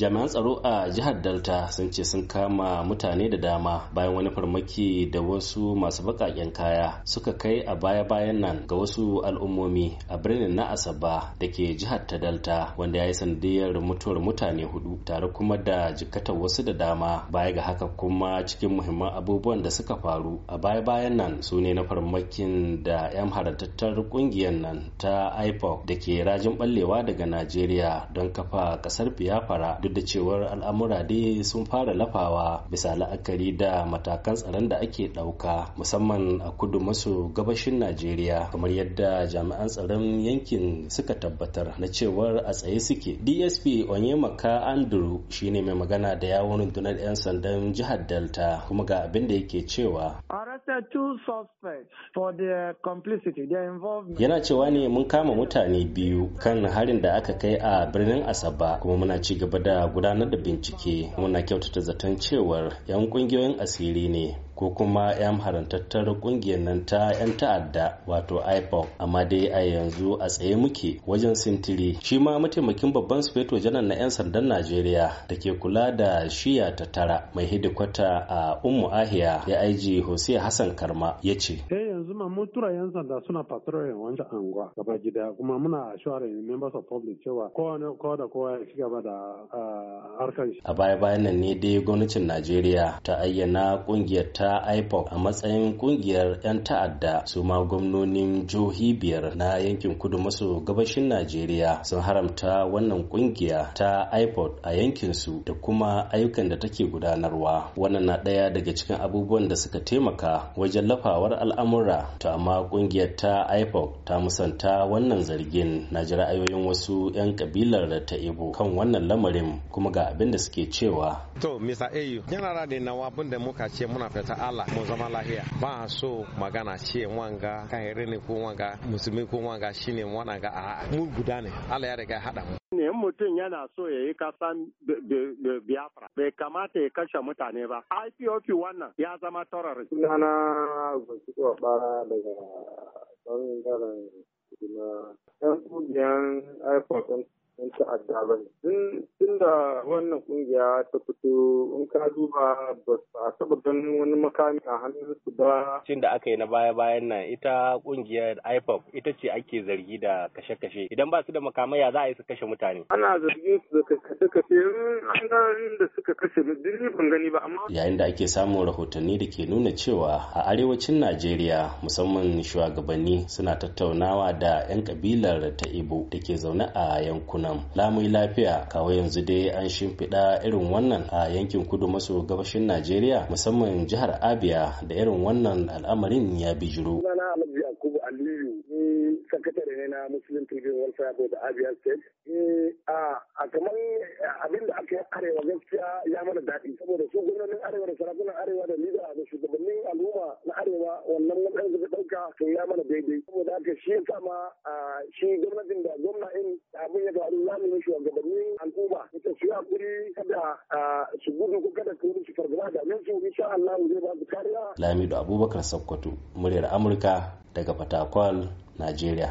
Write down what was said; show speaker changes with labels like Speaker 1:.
Speaker 1: jami'an tsaro a jihar delta sun ce sun kama mutane da dama bayan wani farmaki da wasu masu baƙaƙen kaya suka kai a baya-bayan nan ga wasu al'ummomi a birnin na asaba da ke jihar ta delta wanda ya yi sanadiyar mutuwar mutane hudu tare kuma da jikatar wasu da dama baya ga haka kuma cikin muhimman abubuwan da suka faru a baya-bayan nan su ne na farmakin da 'yan harantattar kungiyar nan ta ipoc da ke rajin ballewa daga najeriya don kafa kasar biafra duk da cewar al'amura dai sun fara lafawa bisa la'akari da matakan tsaron da ake ɗauka musamman a kudu maso gabashin najeriya kamar yadda jami'an tsaron yankin suka tabbatar na cewar a tsaye suke dsp onyemaka andrew shine mai magana da yawon rundunar 'yan sandan jihar delta kuma ga abin da yake cewa Yana cewa ne mun kama mutane biyu kan harin da aka kai a birnin Asaba kuma muna ci gaba da gudanar da bincike muna kyautata zaton cewar 'yan kungiyoyin asiri ne ko kuma 'yan harantattar kungiyar nan ta 'yan ta'adda wato ipop amma dai a yanzu a tsaye muke wajen sintiri shi ma mataimakin babban sufeto janar na 'yan sandan najeriya da ke kula da shiya ta tara mai hidikwata a ummu ahiya ya aiji hosiya hassan Hassan Karma ya ce. Eh
Speaker 2: yanzu ma mun tura yan sanda suna patrolin wancan anguwa gaba gida kuma muna assuring members of public cewa kowane kowa da kowa ya ci gaba da harkar shi.
Speaker 1: A baya bayan nan ne dai gwamnatin Najeriya ta ayyana kungiyar ta IPOC a matsayin kungiyar 'yan ta'adda su ma gwamnonin jihohi biyar na yankin kudu maso gabashin Najeriya sun haramta wannan kungiya ta IPOD a yankin su da kuma ayyukan da take gudanarwa. Wannan na ɗaya daga cikin abubuwan da suka taimaka wajen lafawar al'amura to amma kungiyar ta ipoc ta musanta wannan zargin na ji ra'ayoyin wasu 'yan kabilar da ta ibo kan wannan lamarin kuma ga abin da suke cewa to mr au yana rade nawa wabin da muka ce muna fata ala mu zama lahiya ba so magana ce wanga kan ne ko wanga musulmi ko wanga shine wanga a mu guda ne allah ya riga hada mu
Speaker 2: ne mutum yana so ya yi kasan biafra bai kamata ya kashe mutane ba ipop wannan ya zama terrorist sunana gwasuwa bara daga bangaren na yan kungiyar ipop 'yan ta'adda ba ne. Tun da wannan kungiya ta fito in ka duba ba a taɓa wani makami a hannun su
Speaker 1: ba. Cin da aka yi na baya-bayan nan ita kungiyar IPOP ita ce ake zargi da kashe-kashe. Idan ba su da makamai ya za a yi su kashe mutane. Ana zargin su da kashe-kashe an ga da suka kashe duk ban gani ba amma. Yayin da ake samun rahotanni da ke nuna cewa a arewacin Najeriya musamman shugabanni suna tattaunawa da 'yan kabilar ta Ibo da ke zaune a yankunan kenan lamu lafiya kawo yanzu dai an shimfiɗa irin wannan a yankin kudu maso gabashin najeriya musamman jihar abia da irin wannan al'amarin ya bijiro
Speaker 2: Aliyu ni sakatare ne na Muslim Tribune Welfare Board Abia State. A kamar abin da aka yi arewa gaskiya ya mana daɗi saboda su gwamnonin arewa da sarakunan arewa da lida da shugabannin al'umma na arewa wannan wannan suka ɗauka to ya mana daidai. Saboda haka shi ya ma shi gwamnatin da gwamna kada su gudu ko kada su gudu su fargaba da nan su insha Allah zai ba su kariya
Speaker 1: Lamido Abubakar Sokoto muryar Amurka daga Fatakwal Najeriya